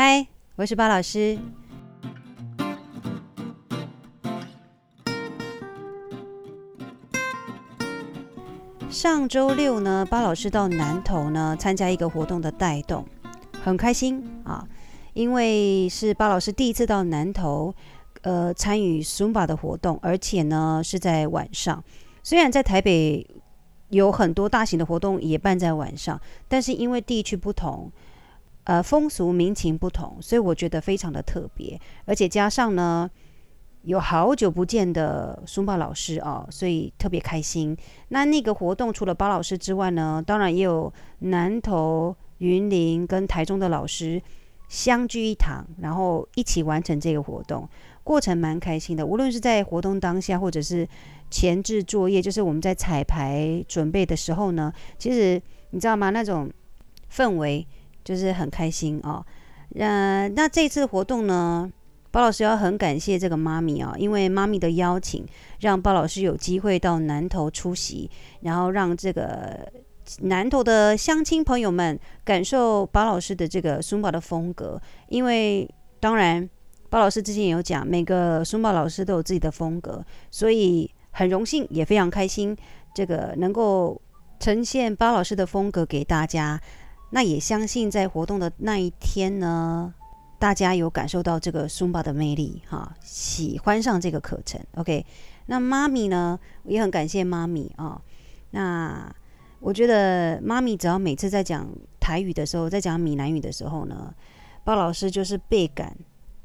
嗨，我是巴老師。上週六呢，巴老師到南投呢參加一個活動的帶動，很開心啊，因為是巴老師第一次到南投，呃，參與 Zumba 的活動，而且呢是在晚上。雖然在台北有很多大型的活動也辦在晚上，但是因為地區不同。呃，風俗民情不同，所以我覺得非常的特別，而且加上呢，有好久不見的蘇茂老師哦、啊，所以特別開心。那那個活動除了巴老師之外呢，當然也有南投、雲林跟台中的老師相聚一堂，然後一起完成這個活動，過程蠻開心的。無論是在活動當下，或者是前置作業，就是我們在彩排準備的時候呢，其實你知道嗎？那種氛圍。就是很開心哦，嗯、呃，那這次活動呢，巴老師要很感謝這個媽咪哦，因為媽咪的邀請，讓巴老師有機會到南投出席，然後讓這個南投的鄉親朋友們感受巴老師的這個 Zumba 的風格。因為當然，巴老師之前也有講，每個 Zumba 老師都有自己的風格，所以很榮幸也非常開心，這個能夠呈現巴老師的風格給大家。那也相信在活動的那一天呢，大家有感受到這個 Zumba 的魅力哈、啊，喜歡上這個課程。OK，那媽咪呢，也很感謝媽咪啊。那我覺得媽咪只要每次在講台語的時候，在講閩南語的時候呢，巴老師就是倍感，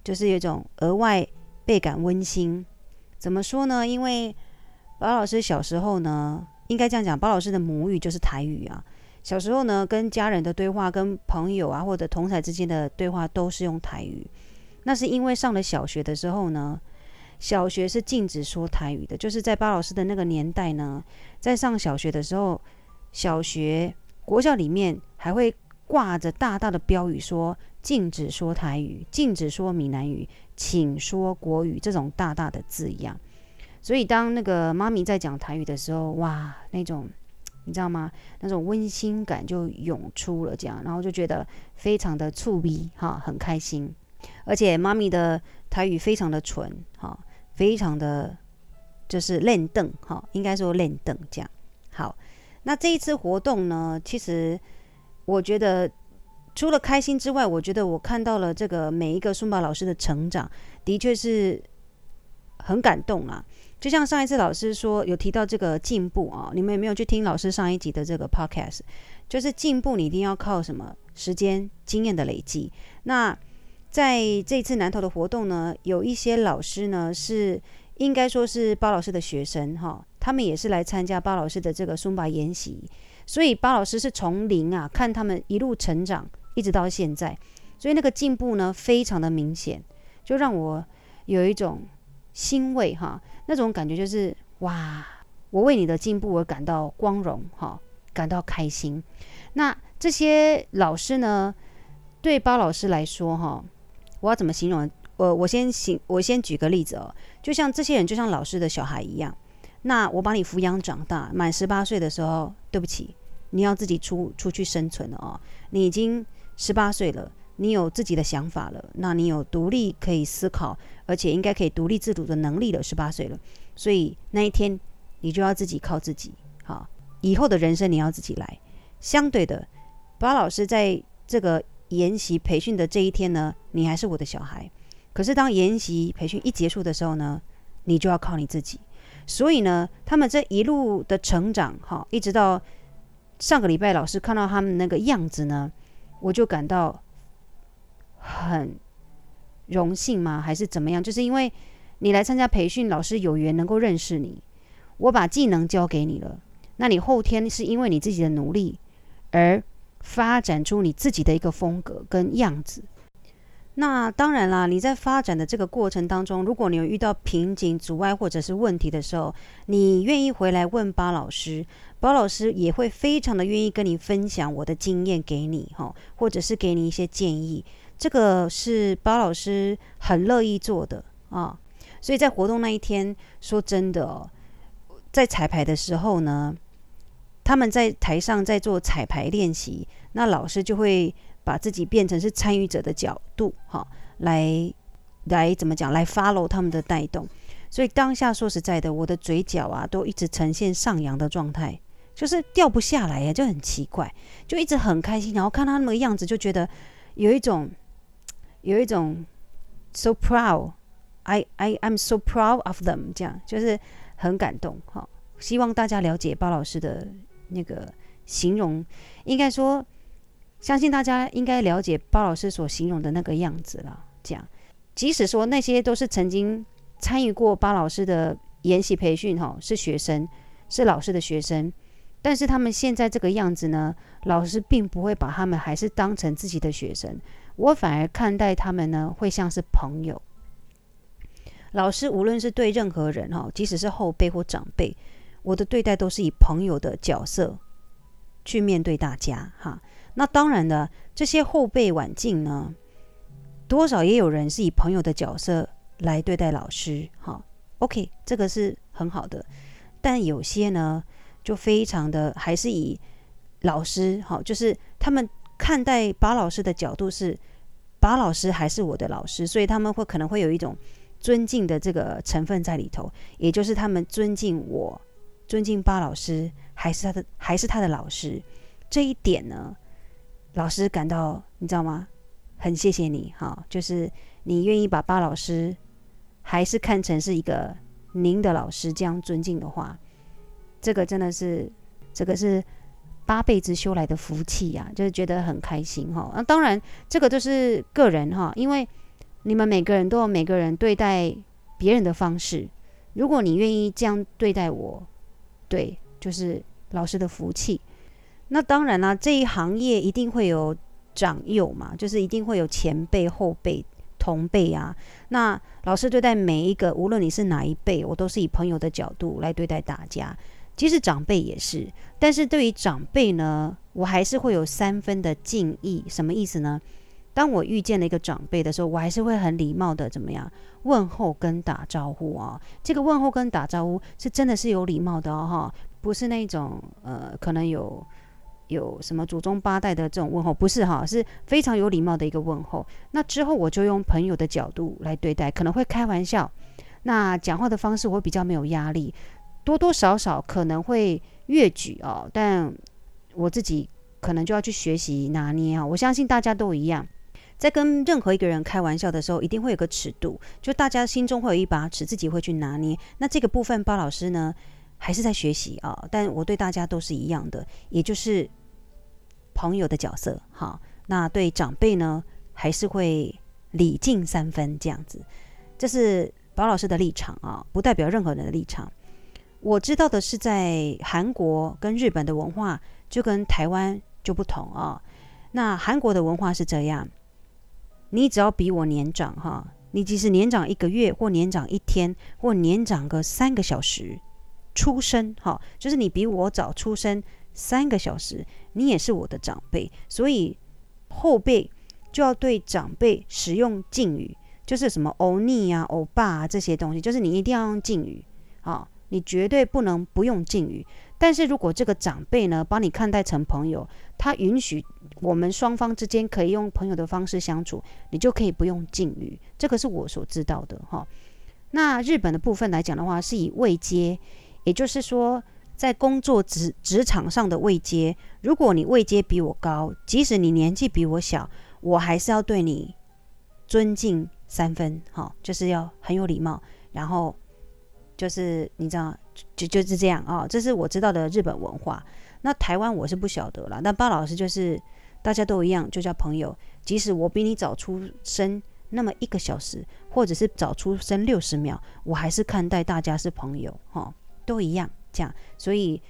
就是有一種額外倍感溫馨。怎麼說呢？因為巴老師小時候呢，應該這樣講，巴老師的母語就是台語啊。小時候呢，跟家人的對話、跟朋友啊，或者同儕之間的對話都是用台語。那是因為上了小學的時候呢，小學是禁止說台語的。就是在巴老師的那個年代呢，在上小學的時候，小學國校裡面還會掛着大大的標語說，說禁止說台語、禁止說閩南語，請說國語這種大大的字樣。所以當那個媽咪在講台語的時候，哇，那種。你知道嗎？那種溫馨感就湧出了，這樣，然後就覺得非常的促咪哈，很開心，而且媽咪的台語非常的純哈，非常的就是輪轉哈，應該說輪轉這樣。好，那這一次活動呢，其實我覺得除了開心之外，我覺得我看到了這個每一個 ZUMBA 老師的成長，的確是很感動啦。就像上一次老師說有提到這個進步啊，你們有沒有去聽老師上一集的這個 podcast？就是進步，你一定要靠什麼，時間經驗的累積。那在這次南投的活動呢，有一些老師呢是應該說是巴老師的學生哈，他們也是來參加巴老師的這個尊巴研習，所以巴老師是從零啊看他們一路成長，一直到現在，所以那個進步呢非常的明顯，就讓我有一種。欣慰哈，那種感覺就是哇，我為你的進步而感到光榮哈，感到開心。那這些老師呢，對巴老師來說哈，我要怎麼形容？我我先行，我先舉個例子哦，就像這些人，就像老師的小孩一樣。那我把你撫養長大，滿十八歲的時候，對不起，你要自己出出去生存了哦，你已經十八歲了。你有自己的想法了，那你有獨立可以思考，而且應該可以獨立自主的能力了，十八歲了。所以那一天你就要自己靠自己，好，以後的人生你要自己來。相對的，巴老師在這個研習培訓的這一天呢，你還是我的小孩；可是當研習培訓一結束的時候呢，你就要靠你自己。所以呢，他們這一路的成長，好，一直到上個禮拜，老師看到他們那個樣子呢，我就感到。很榮幸嗎？還是怎麼樣？就是因為你來參加培訓，老師有緣能夠認識你，我把技能教給你了。那你後天是因為你自己的努力而發展出你自己的一個風格跟樣子。那當然啦，你在發展的這個過程當中，如果你有遇到瓶頸、阻礙或者是問題的時候，你願意回來問巴老師，巴老師也會非常的願意跟你分享我的經驗給你哈，或者是給你一些建議。這個是巴老師很樂意做的啊，所以在活動那一天，說真的，哦，在彩排的時候呢，他們在台上在做彩排練習，那老師就會把自己變成是參與者的角度，哈，啊，來來怎麼講，來 follow 他們的帶動。所以當下說實在的，我的嘴角啊都一直呈現上揚的狀態，就是掉不下來耶，啊，就很奇怪，就一直很開心。然後看他那個樣子，就覺得有一種。有一種 so proud，I I I'm so proud of them，這樣就是很感動哈、哦。希望大家了解巴老師的那個形容，應該說相信大家應該了解巴老師所形容的那個樣子啦。這樣，即使說那些都是曾經參與過巴老師的研習培訓哈、哦，是學生，是老師的學生，但是他們現在這個樣子呢，老師並不會把他們還是當成自己的學生。我反而看待他們呢，會像是朋友。老師無論是對任何人哈，即使是後輩或長輩，我的對待都是以朋友的角色去面對大家哈。那當然的，這些後輩晚進呢，多少也有人是以朋友的角色來對待老師哈。OK，這個是很好的，但有些呢，就非常的還是以老師好，就是他們。看待巴老師的角度是，巴老師還是我的老師，所以他們會可能會有一種尊敬的這個成分在裡頭，也就是他們尊敬我，尊敬巴老師，還是他的還是他的老師。這一點呢，老師感到你知道嗎？很謝謝你，哈、哦，就是你願意把巴老師還是看成是一個您的老師這樣尊敬的話，這個真的是，這個是。八輩子修來的福氣呀、啊，就是覺得很開心哈。那、啊、當然，這個就是個人哈，因為你們每個人都有每個人對待別人的方式。如果你願意這樣對待我，對，就是老師的福氣。那當然啦、啊，這一行業一定會有長幼嘛，就是一定會有前輩、後輩、同輩啊。那老師對待每一個，無論你是哪一輩，我都是以朋友的角度來對待大家。其實長輩也是，但是對於長輩呢，我還是會有三分的敬意。什麼意思呢？當我遇見了一個長輩的時候，我還是會很禮貌的怎麼樣問候跟打招呼啊？這個問候跟打招呼是真的是有禮貌的哦，哈，不是那種呃，可能有有什麼祖宗八代的這種問候，不是哈，是非常有禮貌的一個問候。那之後我就用朋友的角度來對待，可能會開玩笑，那講話的方式我比較沒有壓力。多多少少可能會越舉哦，但我自己可能就要去學習拿捏啊、哦。我相信大家都一樣，在跟任何一個人開玩笑的時候，一定會有個尺度，就大家心中會有一把尺，自己會去拿捏。那這個部分，巴老師呢還是在學習啊、哦。但我對大家都是一樣的，也就是朋友的角色。好、哦，那對長輩呢，還是會禮敬三分這樣子。這是巴老師的立場啊、哦，不代表任何人的立場。我知道的是，在韓國跟日本的文化就跟台灣就不同啊。那韓國的文化是這樣：你只要比我年長哈、啊，你即使年長一個月或年長一天或年長個三個小時，出生哈、啊，就是你比我早出生三個小時，你也是我的長輩，所以後輩就要對長輩使用敬語，就是什麼歐尼啊、歐巴啊這些東西，就是你一定要用敬語啊。你絕對不能不用敬語，但是如果這個長輩呢，把你看待成朋友，他允許我們雙方之間可以用朋友的方式相處，你就可以不用敬語。這個是我所知道的哈。那日本的部分來講的話，是以位階，也就是說，在工作職職場上的位階。如果你位階比我高，即使你年紀比我小，我還是要對你尊敬三分哈，就是要很有禮貌，然後。就是你知道，就就是這樣啊、哦，這是我知道的日本文化。那台灣我是不曉得啦。那巴老師就是大家都一樣，就叫朋友。即使我比你早出生那麼一個小時，或者是早出生六十秒，我還是看待大家是朋友哈，都一樣這樣。所以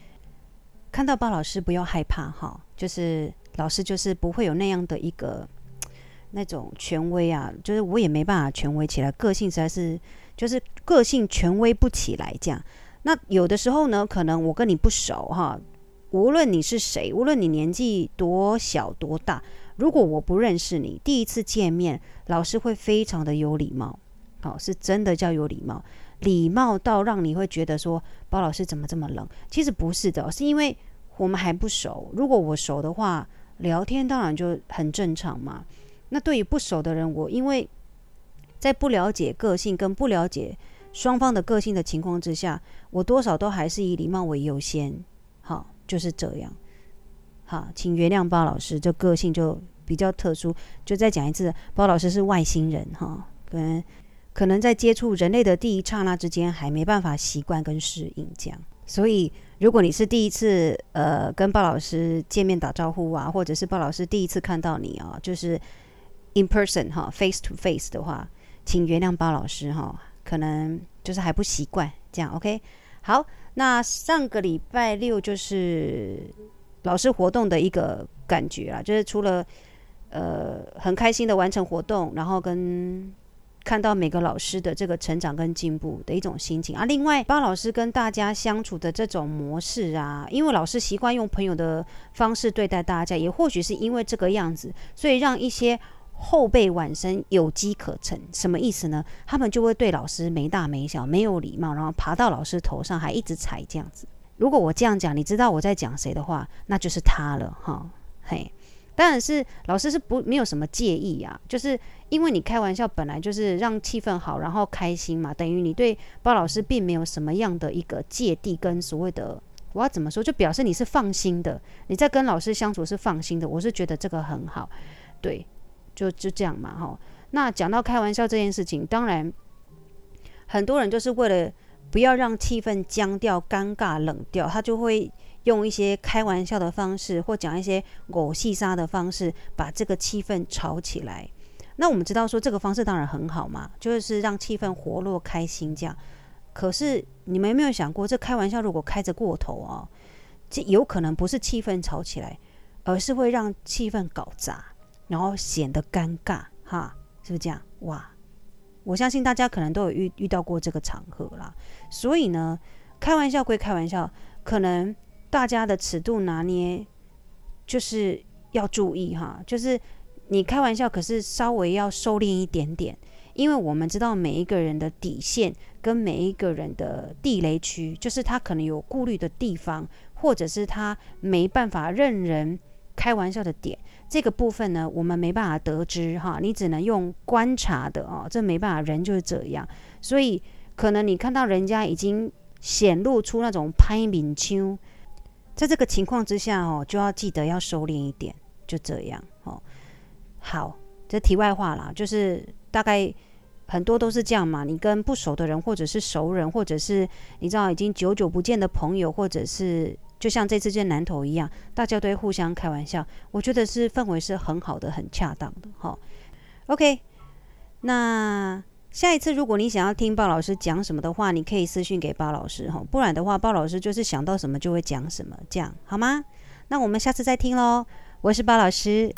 看到巴老師不要害怕哈，就是老師就是不會有那樣的一個那種權威啊，就是我也沒辦法權威起來，個性實在是。就是個性權威不起來這樣，那有的時候呢，可能我跟你不熟哈，無論你是誰，無論你年紀多小多大，如果我不認識你，第一次見面，老師會非常的有禮貌，好、哦，是真的叫有禮貌，禮貌到讓你會覺得說，巴老師怎麼這麼冷？其實不是的，是因為我們還不熟。如果我熟的話，聊天當然就很正常嘛。那對於不熟的人，我因為。在不了解個性跟不了解雙方的個性的情況之下，我多少都還是以禮貌為優先，好，就是這樣。好，請原諒巴老師，這個性就比較特殊。就再講一次，巴老師是外星人哈，可能可能在接觸人類的第一剎那之間，還沒辦法習慣跟適應這樣。所以，如果你是第一次呃跟巴老師見面打招呼啊，或者是巴老師第一次看到你啊，就是 in person 哈 face to face 的話。請原諒巴老師哈，可能就是還不習慣這樣。OK，好，那上個禮拜六就是老師活動的一個感覺啦，就是除了呃很開心的完成活動，然後跟看到每個老師的這個成長跟進步的一種心情啊。另外，巴老師跟大家相處的這種模式啊，因為老師習慣用朋友的方式對待大家，也或許是因為這個樣子，所以讓一些。後輩晚生有機可乘，什麼意思呢？他們就會對老師沒大沒小，沒有禮貌，然後爬到老師頭上還一直踩這樣子。如果我這樣講，你知道我在講誰的話，那就是他了哈。嘿，當然是老師是不沒有什麼介意啊，就是因為你開玩笑本來就是讓氣氛好，然後開心嘛，等於你對巴老師並沒有什麼樣的一個芥蒂跟所謂的我要怎麼說，就表示你是放心的，你在跟老師相處是放心的。我是覺得這個很好，對。就就這樣嘛，哈。那講到開玩笑這件事情，當然很多人就是為了不要讓氣氛僵掉、尷尬冷掉，他就會用一些開玩笑的方式，或講一些五四三的方式，把這個氣氛炒起來。那我們知道說這個方式當然很好嘛，就是讓氣氛活絡、開心這樣。可是你們有沒有想過，這開玩笑如果開着過頭哦、喔，這有可能不是氣氛炒起來，而是會讓氣氛搞砸。然後顯得尷尬哈，是不是這樣？哇，我相信大家可能都有遇遇到過這個場合啦。所以呢，開玩笑歸開玩笑，可能大家的尺度拿捏就是要注意哈。就是你開玩笑可是稍微要收斂一點點，因為我們知道每一個人的底線跟每一個人的地雷區，就是他可能有顧慮的地方，或者是他沒辦法任人開玩笑的點。這個部分呢，我們沒辦法得知哈，你只能用觀察的哦。這沒辦法，人就是這樣，所以可能你看到人家已經顯露出那種拍明槍，在這個情況之下哦，就要記得要收斂一點，就這樣哦。好，這題外話啦，就是大概很多都是這樣嘛，你跟不熟的人，或者是熟人，或者是你知道已經久久不見的朋友，或者是。就像這次見南投一樣，大家都互相開玩笑，我覺得是氛圍是很好的，很恰當的。好，OK，那下一次如果你想要聽巴老師講什麼的話，你可以私信給巴老師哈，不然的話巴老師就是想到什麼就會講什麼，這樣好嗎？那我們下次再聽嘍，我是巴老師。